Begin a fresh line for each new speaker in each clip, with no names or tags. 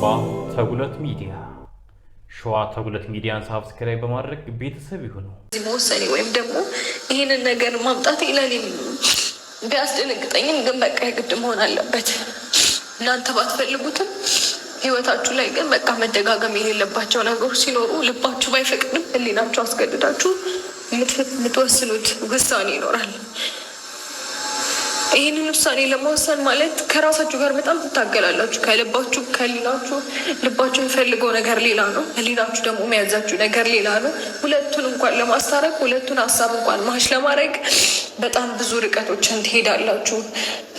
አባ ተጉለት ሚዲያ ሸዋ ተጉለት ሚዲያን ሳብስክራይብ በማድረግ ቤተሰብ ይሁኑ።
እዚህ መወሰኔ ወይም ደግሞ ይህንን ነገር ማምጣት ይላል ቢያስደነግጠኝም፣ ግን በቃ የግድ መሆን አለበት። እናንተ ባትፈልጉትም ህይወታችሁ ላይ ግን በቃ መደጋገም የሌለባቸው ነገሮች ሲኖሩ ልባችሁ ባይፈቅድም ህሊናችሁ አስገድዳችሁ የምትወስኑት ውሳኔ ይኖራል። ይህንን ውሳኔ ለመወሰን ማለት ከራሳችሁ ጋር በጣም ትታገላላችሁ። ከልባችሁ ከሊናችሁ ልባችሁ የሚፈልገው ነገር ሌላ ነው፣ ህሊናችሁ ደግሞ የሚያዛችሁ ነገር ሌላ ነው። ሁለቱን እንኳን ለማስታረቅ ሁለቱን ሀሳብ እንኳን ማሽ ለማድረግ በጣም ብዙ ርቀቶችን ትሄዳላችሁ።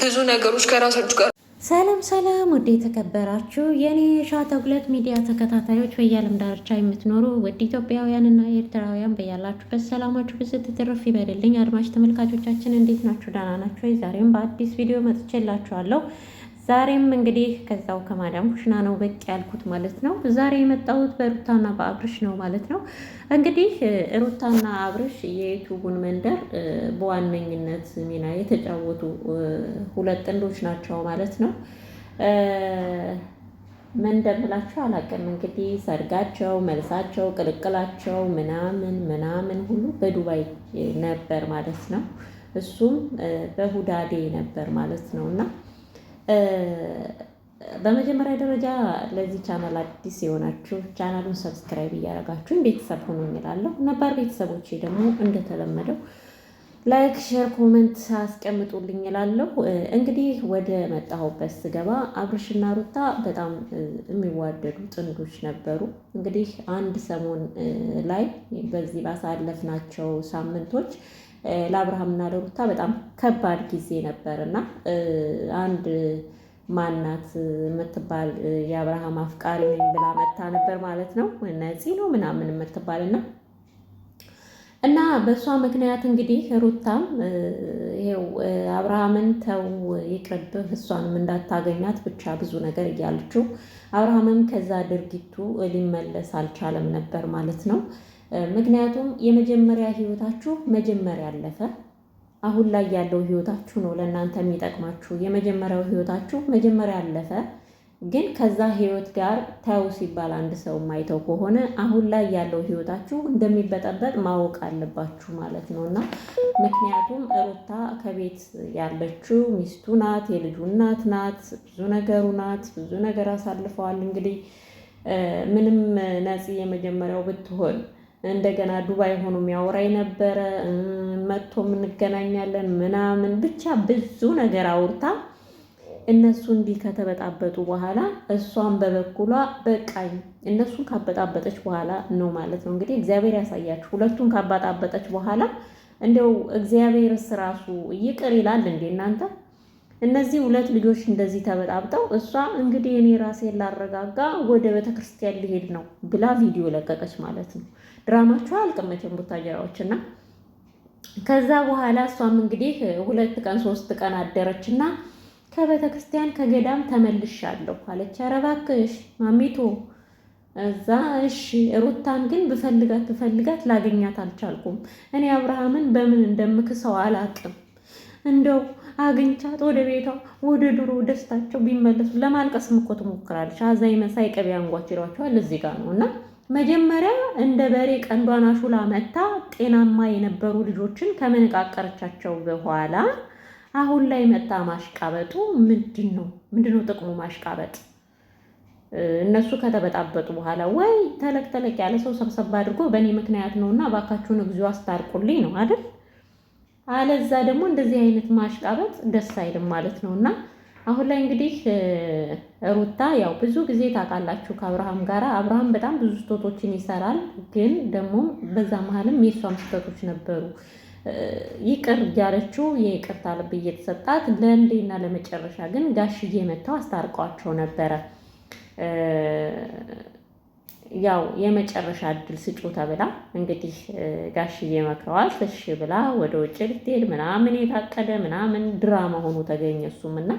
ብዙ ነገሮች ከራሳችሁ ጋር
ሰላም ሰላም ውድ የተከበራችሁ የኔ ሻተጉለት ሚዲያ ተከታታዮች በየዓለም ዳርቻ የምትኖሩ ውድ ኢትዮጵያውያንና ኤርትራውያን በያላችሁበት ሰላማችሁ ብዙ ትትርፍ ይበልልኝ። አድማጭ ተመልካቾቻችን እንዴት ናችሁ? ደህና ናችሁ? ዛሬም በአዲስ ቪዲዮ መጥቼላችኋለሁ። ዛሬም እንግዲህ ከዛው ከማዳም ኩሽና ነው በቂ ያልኩት ማለት ነው። ዛሬ የመጣሁት በሩታና በአብርሽ ነው ማለት ነው። እንግዲህ ሩታና አብርሽ የዩቱቡን መንደር በዋነኝነት ሚና የተጫወቱ ሁለት ጥንዶች ናቸው ማለት ነው። መንደር ብላቸው አላውቅም። እንግዲህ ሰርጋቸው፣ መልሳቸው፣ ቅልቅላቸው ምናምን ምናምን ሁሉ በዱባይ ነበር ማለት ነው። እሱም በሁዳዴ ነበር ማለት ነው እና በመጀመሪያ ደረጃ ለዚህ ቻናል አዲስ የሆናችሁ ቻናሉን ሰብስክራይብ እያደረጋችሁ ቤተሰብ ሆኖ ይላለሁ ነባር ቤተሰቦች ደግሞ እንደተለመደው ላይክ፣ ሼር፣ ኮመንት አስቀምጡልኝ እላለሁ። እንግዲህ ወደ መጣሁበት ስገባ አብርሽና ሩታ በጣም የሚዋደዱ ጥንዶች ነበሩ። እንግዲህ አንድ ሰሞን ላይ በዚህ ባሳለፍናቸው ሳምንቶች ለአብርሃምና ለሩታ በጣም ከባድ ጊዜ ነበር እና አንድ ማናት የምትባል የአብርሃም አፍቃሪ ብላ መታ ነበር ማለት ነው። ነፂ ነው ምናምን የምትባል እና እና በእሷ ምክንያት እንግዲህ ሩታም ይኸው አብርሃምን ተው ይቅርብህ፣ እሷንም እንዳታገኛት ብቻ ብዙ ነገር እያለችው አብርሃምም ከዛ ድርጊቱ ሊመለስ አልቻለም ነበር ማለት ነው። ምክንያቱም የመጀመሪያ ህይወታችሁ መጀመሪያ አለፈ። አሁን ላይ ያለው ህይወታችሁ ነው ለእናንተ የሚጠቅማችሁ። የመጀመሪያው ህይወታችሁ መጀመሪያ አለፈ፣ ግን ከዛ ህይወት ጋር ተው ሲባል አንድ ሰው የማይተው ከሆነ አሁን ላይ ያለው ህይወታችሁ እንደሚበጠበጥ ማወቅ አለባችሁ ማለት ነው እና ምክንያቱም ሩታ ከቤት ያለችው ሚስቱ ናት፣ የልጁ እናት ናት፣ ብዙ ነገሩ ናት፣ ብዙ ነገር አሳልፈዋል። እንግዲህ ምንም ነፂ የመጀመሪያው ብትሆን እንደገና ዱባይ ሆኖ የሚያወራኝ ነበረ። መጥቶም እንገናኛለን ምናምን ብቻ ብዙ ነገር አውርታ እነሱ እንዲህ ከተበጣበጡ በኋላ እሷን በበኩሏ በቃኝ እነሱን ካበጣበጠች በኋላ ነው ማለት ነው። እንግዲህ እግዚአብሔር ያሳያችሁ። ሁለቱን ካበጣበጠች በኋላ እንደው እግዚአብሔርስ ራሱ ይቅር ይላል እንዴ እናንተ? እነዚህ ሁለት ልጆች እንደዚህ ተበጣብጠው እሷ እንግዲህ እኔ ራሴን ላረጋጋ ወደ ቤተክርስቲያን ሊሄድ ነው ብላ ቪዲዮ ለቀቀች ማለት ነው። ድራማቸው አልቀመቸም ቡታጀራዎች እና ከዛ በኋላ እሷም እንግዲህ ሁለት ቀን ሶስት ቀን አደረች እና ከቤተክርስቲያን ከገዳም ተመልሻለሁ አለች። ኧረ እባክሽ እዛ እሺ። ሩታን ግን ብፈልጋት ብፈልጋት ላገኛት አልቻልኩም። እኔ አብርሃምን በምን እንደምክሰው አላቅም እንደው አግኝቻት ወደ ቤቷ ወደ ድሮ ደስታቸው ቢመለሱ ለማልቀስ ምኮ ትሞክራለች። አዛይ መሳይ ቅቤ አንጓች ይሏቸዋል። እዚህ ጋር ነው እና መጀመሪያ እንደ በሬ ቀንዷን አሹላ መታ ጤናማ የነበሩ ልጆችን ከመነቃቀረቻቸው በኋላ አሁን ላይ መታ ማሽቃበጡ ምንድን ነው? ምንድን ነው ጥቅሙ ማሽቃበጥ? እነሱ ከተበጣበጡ በኋላ ወይ ተለቅ ተለቅ ያለ ሰው ሰብሰብ አድርጎ በእኔ ምክንያት ነው እና እባካችሁን እግዚኦ አስታርቁልኝ ነው አይደል? አለዛ ደግሞ እንደዚህ አይነት ማሽቃበጥ ደስ አይልም ማለት ነው እና አሁን ላይ እንግዲህ ሩታ ያው ብዙ ጊዜ ታውቃላችሁ ከአብርሃም ጋር አብርሃም በጣም ብዙ ስህተቶችን ይሰራል። ግን ደግሞ በዛ መሀልም የእሷም ስህተቶች ነበሩ። ይቅር እያለችው የይቅርታ ልብ እየተሰጣት ለእንዴና ለመጨረሻ ግን ጋሽዬ መጥተው አስታርቀዋቸው ነበረ። ያው የመጨረሻ እድል ስጩ ተብላ እንግዲህ ጋሽዬ መክረዋል። እሺ ብላ ወደ ውጭ ልትሄድ ምናምን የታቀደ ምናምን ድራማ ሆኖ ተገኘ። እሱም እና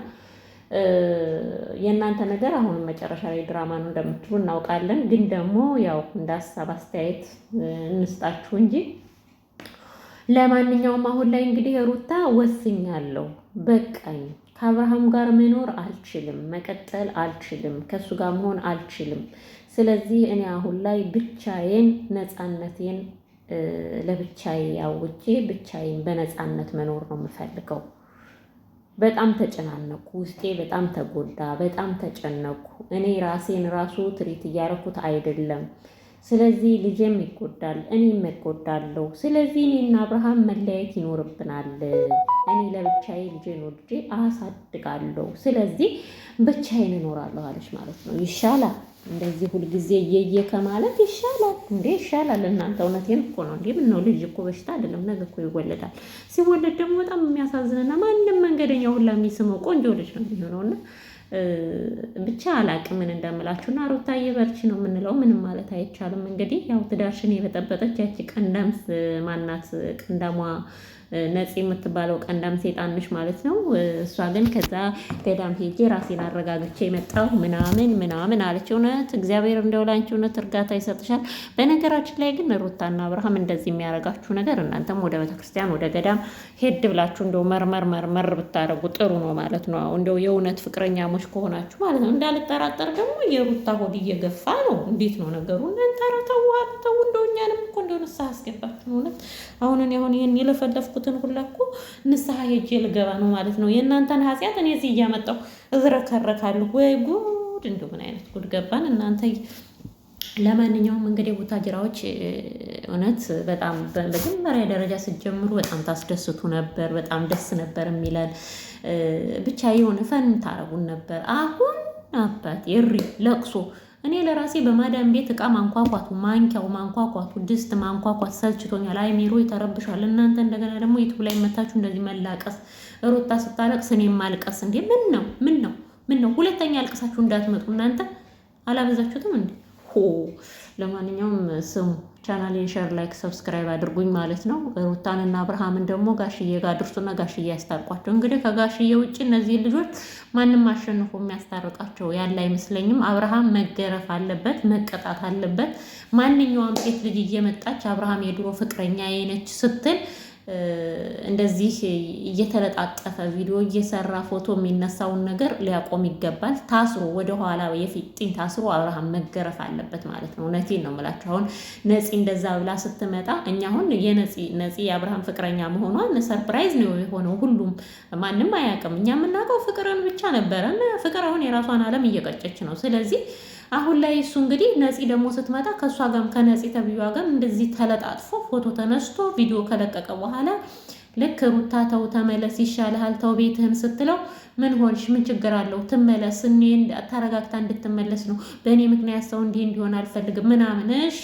የእናንተ ነገር አሁንም መጨረሻ ላይ ድራማ ነው እንደምትሉ እናውቃለን። ግን ደግሞ ያው እንደ ሀሳብ አስተያየት እንስጣችሁ እንጂ ለማንኛውም አሁን ላይ እንግዲህ ሩታ ወስኛለሁ፣ በቃኝ፣ ከአብርሃም ጋር መኖር አልችልም፣ መቀጠል አልችልም፣ ከእሱ ጋር መሆን አልችልም ስለዚህ እኔ አሁን ላይ ብቻዬን ነፃነቴን ለብቻዬ አውጄ ብቻዬን በነፃነት መኖር ነው የምፈልገው። በጣም ተጨናነኩ፣ ውስጤ በጣም ተጎዳ፣ በጣም ተጨነኩ። እኔ ራሴን ራሱ ትሪት እያደረኩት አይደለም። ስለዚህ ልጄም ይጎዳል፣ እኔም እጎዳለሁ። ስለዚህ እኔና አብርሃም መለያየት ይኖርብናል። እኔ ለብቻዬ ልጄን ወልጄ አሳድጋለሁ። ስለዚህ ብቻዬን እኖራለሁ አለች ማለት ነው። ይሻላል እንደዚህ ሁልጊዜ እየየ ከማለት ይሻላል እንዴ ይሻላል። እናንተ እውነቴን እኮ ነው እንዴ። ምነው ልጅ እኮ በሽታ አይደለም፣ ነገ እኮ ይወለዳል። ሲወለድ ደግሞ በጣም የሚያሳዝንና ማንም መንገደኛ ሁላ የሚስመው ቆንጆ ልጅ ነው የሚሆነው። እና ብቻ አላቅ ምን እንደምላችሁ። እና ሩታዬ በርቺ ነው የምንለው። ምንም ማለት አይቻልም። እንግዲህ ያው ትዳርሽን የበጠበጠች ያቺ ቀንዳም ማናት ቀንዳሟ ነፂ የምትባለው ቀንዳም ሴጣንሽ ማለት ነው። እሷ ግን ከዛ ገዳም ሄጄ ራሴን አረጋግቼ የመጣው ምናምን ምናምን አለች። እውነት እግዚአብሔር እንደው ላንቺ እውነት እርጋታ ይሰጥሻል። በነገራችን ላይ ግን ሩታና አብርሃም እንደዚህ የሚያረጋችሁ ነገር እናንተም ወደ ቤተክርስቲያን ወደ ገዳም ሄድ ብላችሁ እንደው መርመር መርመር ብታደረጉ ጥሩ ነው ማለት ነው። እንደው የእውነት ፍቅረኛሞች ከሆናችሁ ማለት ነው። እንዳልጠራጠር ደግሞ የሩታ ሆድ እየገፋ ነው። እንዴት ነው ነገሩ? እናንተ ተው ተው፣ እንደው እኛንም እኮ እንደው ንስሐ አስገባችሁ። እውነት አሁንን አሁን ይህን የለፈለፍኩት ያደረግኩትን ሁላ እኮ ንስሐ ሄጄ ልገባ ነው ማለት ነው። የእናንተን ኃጢአት እኔ እዚህ እያመጣሁ እዝረከረካለሁ። ወይ ጉድ! እንዲሁ ምን አይነት ጉድ ገባን እናንተ። ለማንኛውም እንግዲህ ቡታጅራዎች እውነት በጣም በመጀመሪያ ደረጃ ስትጀምሩ በጣም ታስደስቱ ነበር። በጣም ደስ ነበር የሚለን ብቻ የሆነ ፈን ታረጉን ነበር። አሁን አባት የሪ ለቅሶ እኔ ለራሴ በማዳም ቤት እቃ ማንኳኳቱ፣ ማንኪያው ማንኳኳቱ፣ ድስት ማንኳኳት ሰልችቶኛል። አይሚሮ ይተረብሻል። እናንተ እንደገና ደግሞ ዩቱብ ላይ መታችሁ እንደዚህ መላቀስ፣ ሩታ ስታለቅስ እኔም ማልቀስ እንዴ! ምን ነው ምን ነው ምን ነው? ሁለተኛ አልቅሳችሁ እንዳትመጡ እናንተ አላበዛችሁትም እንዴ? ሆ ለማንኛውም ስሙ ቻናሌን ሸር፣ ላይክ፣ ሰብስክራይብ አድርጉኝ ማለት ነው። ሩታንና አብርሃምን ደግሞ ጋሽዬ ጋር ጋሽዬ ያስታርቋቸው። እንግዲህ ከጋሽዬ ውጭ እነዚህ ልጆች ማንም አሸንፎ የሚያስታርቃቸው ያለ አይመስለኝም። አብርሃም መገረፍ አለበት፣ መቀጣት አለበት። ማንኛውም ሴት ልጅ እየመጣች አብርሃም የድሮ ፍቅረኛ የነች ስትል እንደዚህ እየተለጣጠፈ ቪዲዮ እየሰራ ፎቶ የሚነሳውን ነገር ሊያቆም ይገባል። ታስሮ ወደኋላ የፊጥኝ ታስሮ አብርሃም መገረፍ አለበት ማለት ነው። እውነቴን ነው የምላችሁ። አሁን ነፂ እንደዛ ብላ ስትመጣ እኛ አሁን የነፂ ነፂ የአብርሃም ፍቅረኛ መሆኗን ሰርፕራይዝ ነው የሆነው። ሁሉም ማንም አያውቅም። እኛ የምናውቀው ፍቅርን ብቻ ነበረ። ፍቅር አሁን የራሷን ዓለም እየቀጨች ነው። ስለዚህ አሁን ላይ እሱ እንግዲህ ነፂ ደግሞ ስትመጣ ከእሷ ጋም ከነፂ ተብዬዋ ጋም እንደዚህ ተለጣጥፎ ፎቶ ተነስቶ ቪዲዮ ከለቀቀ በኋላ ልክ ሩታ ተው ተመለስ ይሻልሃል፣ ተው ቤትህን ስትለው ምን ሆንሽ? ምን ችግር አለው? ትመለስ፣ እኔ ተረጋግታ እንድትመለስ ነው። በእኔ ምክንያት ሰው እንዲህ እንዲሆን አልፈልግም ምናምን። እሺ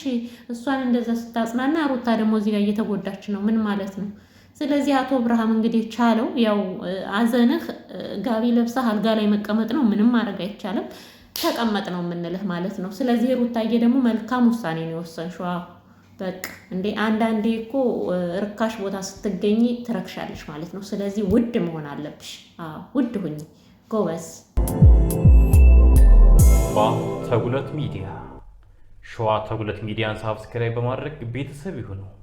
እሷን እንደዛ ስታጽናና፣ ሩታ ደግሞ እዚህ ጋር እየተጎዳች ነው። ምን ማለት ነው? ስለዚህ አቶ ብርሃም እንግዲህ ቻለው፣ ያው አዘንህ ጋቢ ለብሰህ አልጋ ላይ መቀመጥ ነው። ምንም ማድረግ አይቻልም። ተቀመጥ ነው የምንልህ ማለት ነው። ስለዚህ ሩታዬ ደግሞ መልካም ውሳኔ ነው የወሰንሽው። በቃ እንዴ አንዳንዴ እኮ ርካሽ ቦታ ስትገኝ ትረክሻለሽ ማለት ነው። ስለዚህ ውድ መሆን አለብሽ። ውድ ሁኝ ጎበዝ።
ተጉለት ሚዲያ ሸዋ ተጉለት ሚዲያን ሳብስክራይብ በማድረግ ቤተሰብ ይሁነው።